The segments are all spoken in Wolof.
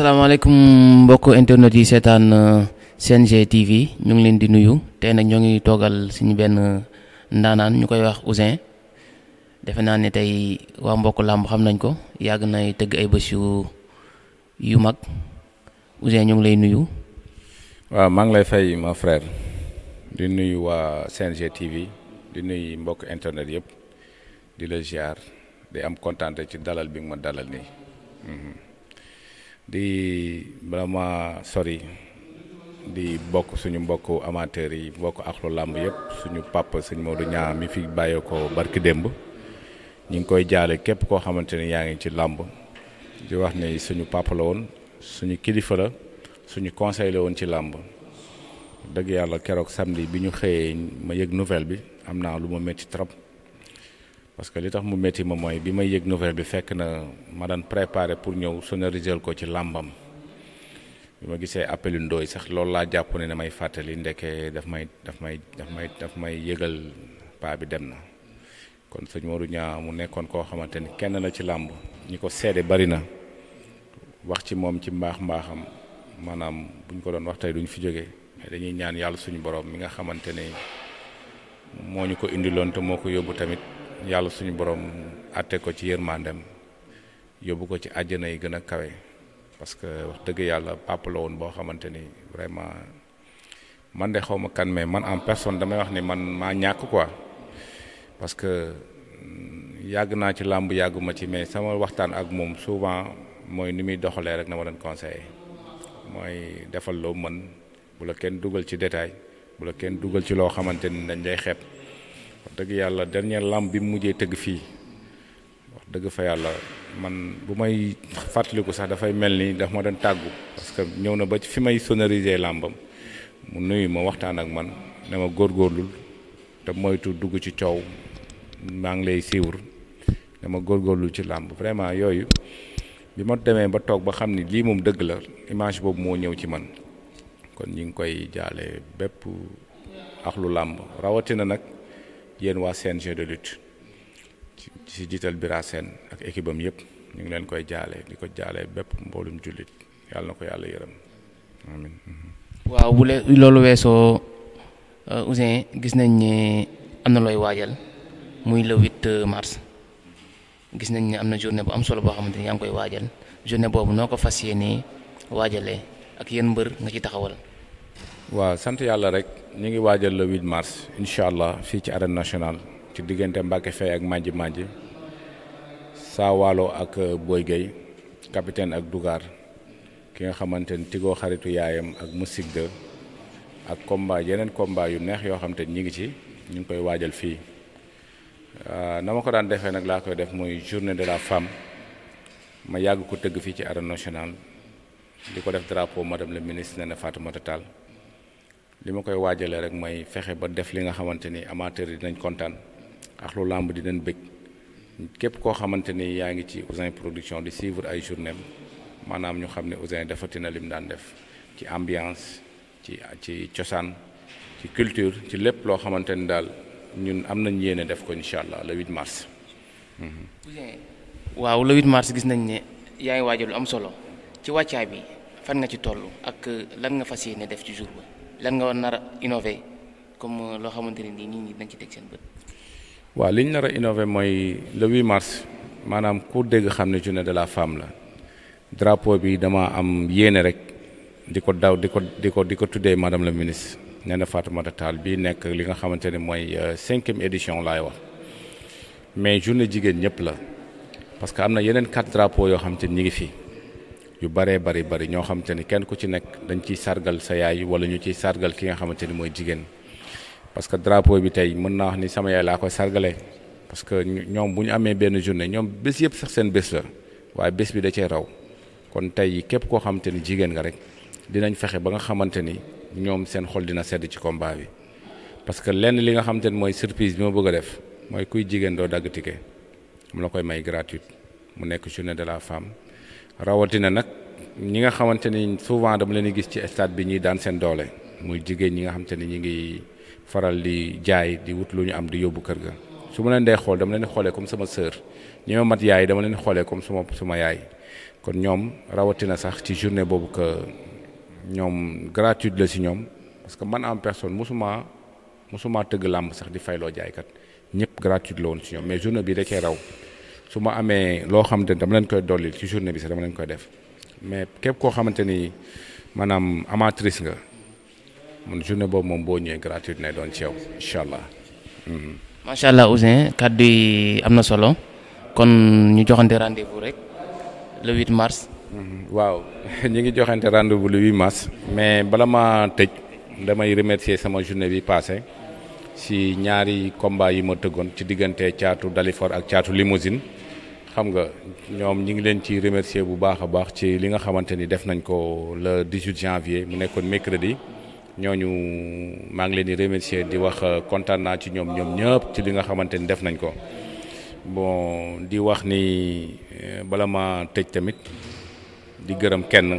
asalaamaaleykum mbokk internet yi seetaan euh, CNG TV ñoo ngi leen di nuyu tey nag ñoo ngi toogal suñu benn euh, ndaanaan ñu koy wax Ouzin defe naa ne tey waa mbokk làmb xam nañ ko yàgg nay tëgg ay bés yu yu mag Ouzin ñoo ngi lay nuyu. waaw maa ngi lay fay ma frère di nuyu waa CNG TV di nuyu mbokk internet yëpp di la ziar di am kontaan ci dalal bi nga ma dalal nii. Mhm. di vraiment sori di bokk suñu mbokk amateurs yi mbokk axlu làmb yëpp suñu papa sëñ Modou Niang mi fi bàyyee ko barki démb ñu ngi koy jaale képp koo xamante ne yaa ngi ci làmb di wax ni suñu papa la woon suñu kilifa la suñu conseil la woon ci làmb dëgg yàlla keroog samdi bi ñu xëyee ma yëg nouvelle bi am naa lu ma metti trop parce que li tax mu métti ma mooy bi may yëg nouvelle bi fekk na ma daan préparer pour ñëw sonoriser ko ci làmbam bi ma gisee appelu ndooy sax loolu laa jàpp ne damay fàttali ndeke daf may daf may daf may daf may yëgal paa bi dem na kon sëñ Modou Niang mu nekkoon koo xamante ni kenn la ci làmb ñi ko seede bari na wax ci moom ci mbaax mbaaxam maanaam buñ ko doon wax tey duñ fi jóge mais dañuy ñaan yàlla suñu borom mi nga xamante ne moo ñu ko indiloon te moo ko yóbbu tamit yàlla suñu borom atte ko ci yërmandem yóbbu ko ci àjjana yi gën a kawe parce que wax dëgg yàlla papa la woon boo xamante vraiment man de xawma kan mais man en personne damay wax ni man ma ñàkk quoi parce que mm, yàgg naa ci làmb yàgguma ci mais sama waxtaan ak moom souvent mooy ni muy doxalee rek na ma doon conseillé mooy defal loo mën bu la kenn dugal ci détail bu la kenn dugal ci dañ lay wax dëgg yàlla dernier làmb bi mu mujjee tëgg fii wax dëgg fa yàlla man bu may fàttaliku sax dafay mel ni daf ma doon tàggu parce que ñëw na ba ci fi may sonoriser làmbam mu nuyu ma waxtaan ak man ne ma góor góorlul te moytu dugg ci coow maa ngi lay siiwur ne ma góorgóorlul ci làmb vraiment yooyu bi ma demee ba toog ba xam ni lii moom dëgg la image boobu moo ñëw ci man kon ñu ngi koy jaale bépp axlu làmb rawatina nag yéen waa CNG de lutte ci ci jiital Bira Sène ak équipe am yëpp ñu ngi leen koy jaale di ko jaale bépp mboolum jullit yàlla na ko yàlla yërëm amin mhm. waaw bu le loolu weesoo euh, Ouzin gis nañ ne am na looy waajal muy le 8 euh, mars gis nañ ne am na journée bu am solo boo xamante ni yaa ngi koy waajal journée boobu noo ko fas yéenee waajalee ak yéen mbër nga ci taxawal wa sant yàlla rek ñu ngi waajal le 8 mars incha allah fii ci arène nationale ci diggante Mbacke Faye ak Manji Manji saa waalo ak euh, Boy Gueye capitaine ak Dougar ki nga xamante ni tigoo xaritu yaayam ak Moustique 2 ak combat yeneen combat yu neex yoo xam ñi ngi ci ñu koy euh, ko daan koy def muy journée de la femme ma yàgg ko tëgg fii ci arène nationale di ko def drapeau madame le ministre Tall li ma koy waajalee rek mooy fexe ba def li nga xamante amateur yi dinañ kontaan ak lu làmb dinañ képp koo xamante ni ci production di suivre ay journée maanaam ñu xam ne daan def ci ambiance ci ci cosaan ci culture ci lépp loo xamante ni ñun am nañ def ko le 8 mars. waaw le 8 mars gis nañ ne yaa ngi am solo ci wàccaay bi fan ci toll ak lan nga fas def ci jour lan nga war nar a innover comme loo xamante ne nii nit ñi dañ ci teg seen bët. waaw li ñu nar a innover mooy le hui mars maanaam ku dégg xam ne journée de la femme la drapeau bi damaa am yéene rek di ko daw di ko di ko di ko tuddee madame la ministre nee na Fatoumata Tall bii nekk li nga xamante ne mooy euh, cinquième édition laay wax mais journée jigéen ñëpp la parce que am na yeneen quatre drapeaux yoo xam te ñi ngi fii yu bëree bëri bari ñoo xamante ni kenn ku ci nekk dañ ciy sargal sa yaay wala ñu ciy sargal ki nga xamante ni mooy jigéen parce que drapeau bi tey mën naa wax ni sama yaay laa koy sargalee parce que ñoom bu ñu amee benn journée ñoom bés yëpp sax seen bés la waaye bés bi da cee raw kon tey képp koo xamante ni jigéen nga rek dinañ fexe ba nga xamante ni ñoom seen xol dina sedd ci combat bi parce que lenn li nga xamante ni mooy surprise bi ma bëgg a def mooy kuy jigéen doo dagg la koy may gratuite mu nekk journée de la femme rawatina nag ñi nga xamante ni souvent dama leen gis ci stade bi ñuy daan seen doole muy jigéen ñi nga xamante ni ñi ngi faral di jaay di wut lu ñu am di yóbbu kër ga su ma leen dee xool dama leen xoolee comme sama sœur ñi ma mat yaay dama leen comme suma suma yaay kon ñoom rawatina sax ci journée boobu que ñoom gratuite la si ñoom parce que man en personne mosuma mosuma tëgg làmb sax di fayloo jaaykat ñëpp gratuite la woon si ñoom mais journée bi da cee raw su ma amee loo xamante ni dama leen koy dollil ci journée bi sax dama leen koy def mais kep koo xamante ni maanaam amatrice nga man journée boobu moom boo ñëwee gratuite ne doon ci yow incha allah. Hmm. macha allah kaddu yi solo kon ñu joxante rendez vous rek le 8 mars. Hmm. waaw ñu ngi joxante rendez vous le 8 mars mais bala ma tëj damay remercier sama journée bi passé si ñaari combat yi ma tëggoon ci diggante caatu Dalifor ak caatu Limousine. xam nga ñoom ñi ngi leen ci remercier bu baax a baax ci li nga xamante ni def nañ ko le 18 janvier mu nekkoon mercredi ñooñu maa ngi leen di remercier di wax euh, kontaan naa ci ñoom ñoom ñëpp ci li nga xamante ni def nañ ko bon di wax ni euh, bala ma tëj tamit di gërëm kenn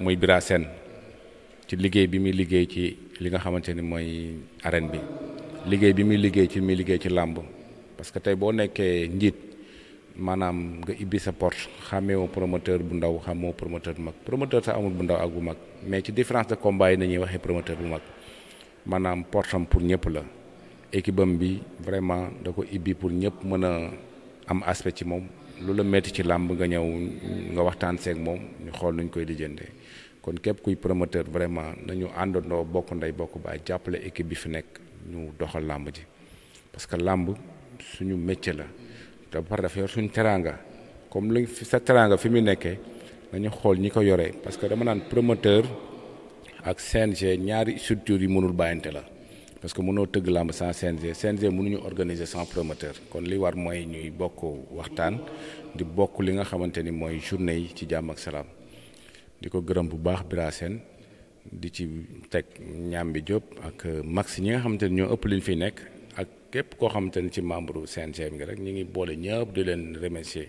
muy Bira ci liggéey bi muy liggéey ci li nga xamante ni mooy arène bi liggéey bi muy liggéey ci muy liggéey ci làmb parce tey boo nekkee njiit manam nga ibbi sa porte xàmmeewoo promoteur bu ndaw xamoo promoteur bu mag promoteur sax amul bu ndaw ak bu mag mais ci différence de combat yi nañuy waxee promoteur bu mag maanaam portam pour ñëpp la équipe am bi vraiment da ko ibbi pour ñëpp mën a am aspect ci moom lu la metti ci làmb nga ñëw nga waxtaan seeg moom ñu xool nuñ koy lijjantee kon kuy promoteur vraiment nañu bokk bokk équipe bi fi ñu doxal ji parce que làmb suñu métier la te ba pare dafa yor suñ teranga comme lu sa teranga fi mu nekkee nañu xool ñi ko yore parce que dama naan promoteur ak CNG ñaari structure yi mënul bàyyante la parce que mënoo tëgg lamb sans CNG CNG mënuñu organiser sans promoteur kon li war ñuy waxtaan di bokk li nga xamante ni journée ci ak di gërëm bu baax Bira Sène di ci teg ñaam bi Diop ak max ñi nga ñoo ëpp liñ fi nekk képp koo xamante ni ci membre CNG bi nga rek ñu ngi boole ñëpp di leen remercier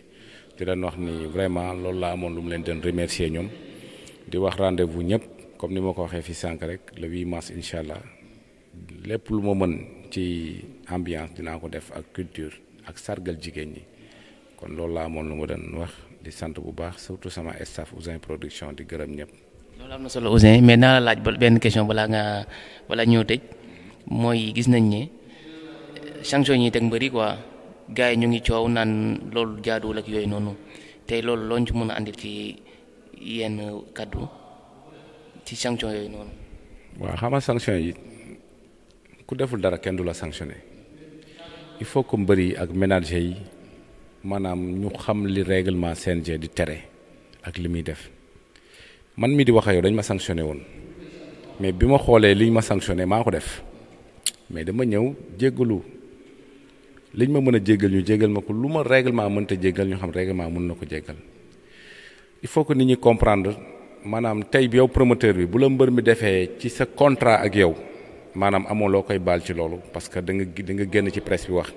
di leen wax ni vraiment loolu laa amoon lu mu leen doon remercier ñoom di wax rendez vous ñëpp comme ni ma ko waxee fi sànq rek le 8 mars incha allah lépp lu ma mën ci ambiance dinaa ko def ak culture ak sargal jigéen ñi kon loolu laa amoon lu ma wax di sant bu baax surtout sama staff Ousin production di gërëm ñëpp. loolu am na solo Ousin mais naa la laaj benn question bala nga bala ñëw tëj mooy gis nañ ne. sanction yi teg mbëri quoi gars yi ñu ngi coow naan loolu jaaduwul ak yooyu noonu tey loolu loo ci mën a andil ci yenn kàddu ci sanction yooyu noonu. waa xam nga sanction yi ku deful dara kenn du la sanctionné il faut que mbër yi ak ménager yi maanaam ñu xam li seen CNG di tere ak li muy def man mii di wax ak dañ ma sanctionné woon mais bi ma xoolee liñ ma sanctionné maa ko def mais dama ñëw jéggalu liñ ma mën a jéggal ñu jéggal ma ko lu ma réglement règlement mënta jéggal ñoo xam règlement mën na ko jéggal il faut que nit ñi comprendre maanaam tey bi yow promoteur bi bu la mbër mi defee ci sa contrat ak yow maanaam amoo loo koy baal ci loolu parce que da nga da nga génn ci presse bi wax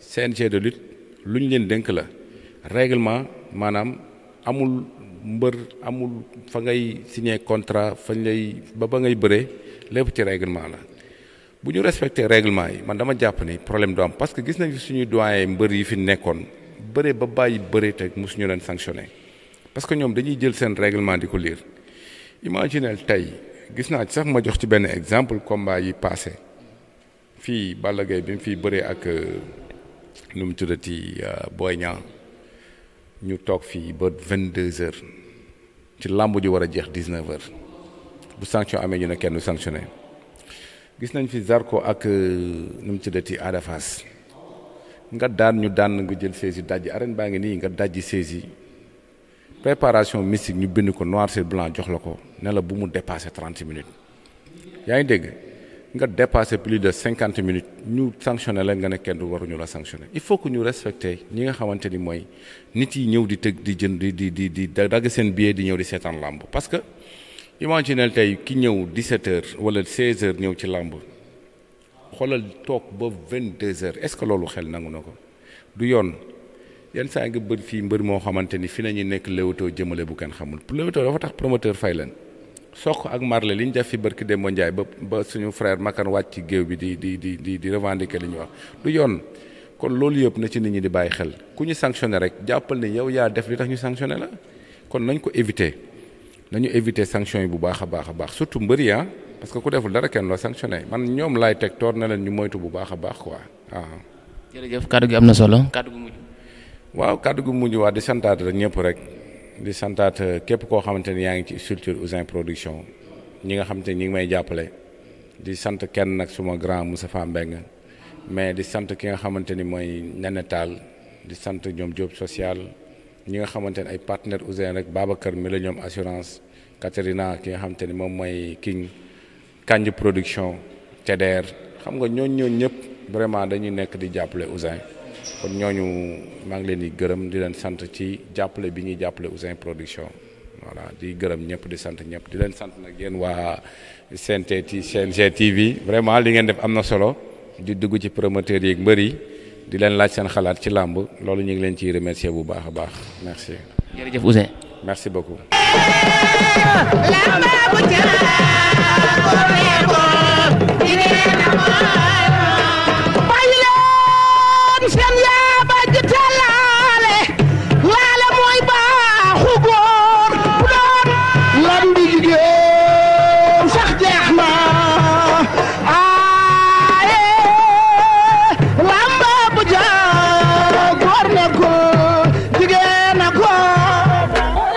CNG de lutte lu ñu leen dénk la réglement maanaam amul mbër amul fa ngay signé contrat fañ lay ba ba ngay bëree lépp ci règlement la bu ñu respecté règlement yi man dama jàpp ni problème du am parce que gis nañu suñuy doyen mbër yi fi nekkoon bëre ba bàyyi bëre te mosuñu leen sanctionné parce que ñoom dañuy jël seen règlement di ko liir imaginel tey gis naa sax ma jox ci benn exemple combat yi passé fii Balla Gaye bi mu fiy bëree ak euh, nu mu tuddati euh, Boy Niang ñu toog fii ba vingt deux heures ci làmb ji war a jeex dix neuf heures bu sanction amee ñu ne kenn du gis nañ fi Zarko ak euh, nu ci tuddati adafas nga daan ñu daan nga jël saisi dajji arène baa nga préparation mystique ñu bind ko noir blanc jox la ne la bu mu minutes yaa ngi dégg nga dépassé plus de 50 minutes ñu sanctionné la nga ne kenn du la il faut que ñu respecté ñi nga ni mooy nit yi ñëw di di jënd di di di di parce que. imaginel tey ki ñëw 17 heures wala 16 heures ñëw ci làmb xoolal toog ba 22 heures est-ce que loolu xel nangu na ko du yoon yenn saa nga bër fii mbër moo xamante ni fi nañu nekk Leewtoo jëmale bu kenn xamul Leewtoo dafa tax promoteur fay leen Sokh ak marle li ñu def fi barki Demba Ndiaye ba ba suñu frère Makan wàcc ci géew bi di di di di di revendiquer li ñu wax du yoon kon loolu yëpp na ci nit ñi di bàyyi xel ku ñu sanctionné rek jàppal ne yow yaa def li tax ñu sanctionné la kon nañ ko éviter. nañu éviter sanctions yi bu baax a baax a baax surtout mbëri ah parce que ku deful dara kenn loo sanctionné man ñoom laay teg toor na leen ñu moytu bu baax a baax quoi waaw. jërëjëf kàddu gi am na solo kàddu gu mujj. waaw kàddu gu mujj waa di santaat rek ñëpp rek di santaat euh, képp koo xamante ni yaa ngi ci structure Ouzin Production ñi nga xamante ñi ngi may jàppale di sant kenn nag suma grand Moustapha Mbeng mais di sant ki nga xamante ni mooy Nene di sant ñoom job social ñi nga xamante ne ay partenaire Ouzin rek Babacar mi la ñoom assurance. Katerina ki nga xam te moom mooy King Kanji production Ceder xam nga ñooñ ñooñ ñëpp vraiment dañuy nekk di jàppale Ouzin kon ñooñu maa ngi leen di gërëm di leen sant ci jàppale bi ñuy jàppale Ouzin production voilà di gërëm ñëpp di sant ñëpp di leen sant nag yéen waa CNT CNG TV vraiment li ngeen def am na solo di dugg ci promoteurs yi mbëri yi di leen laaj seen xalaat ci làmb loolu ñu ngi leen ci remercier bu baax a baax merci. jërëjëf Ouzin. merci beaucoup. Let me Boutière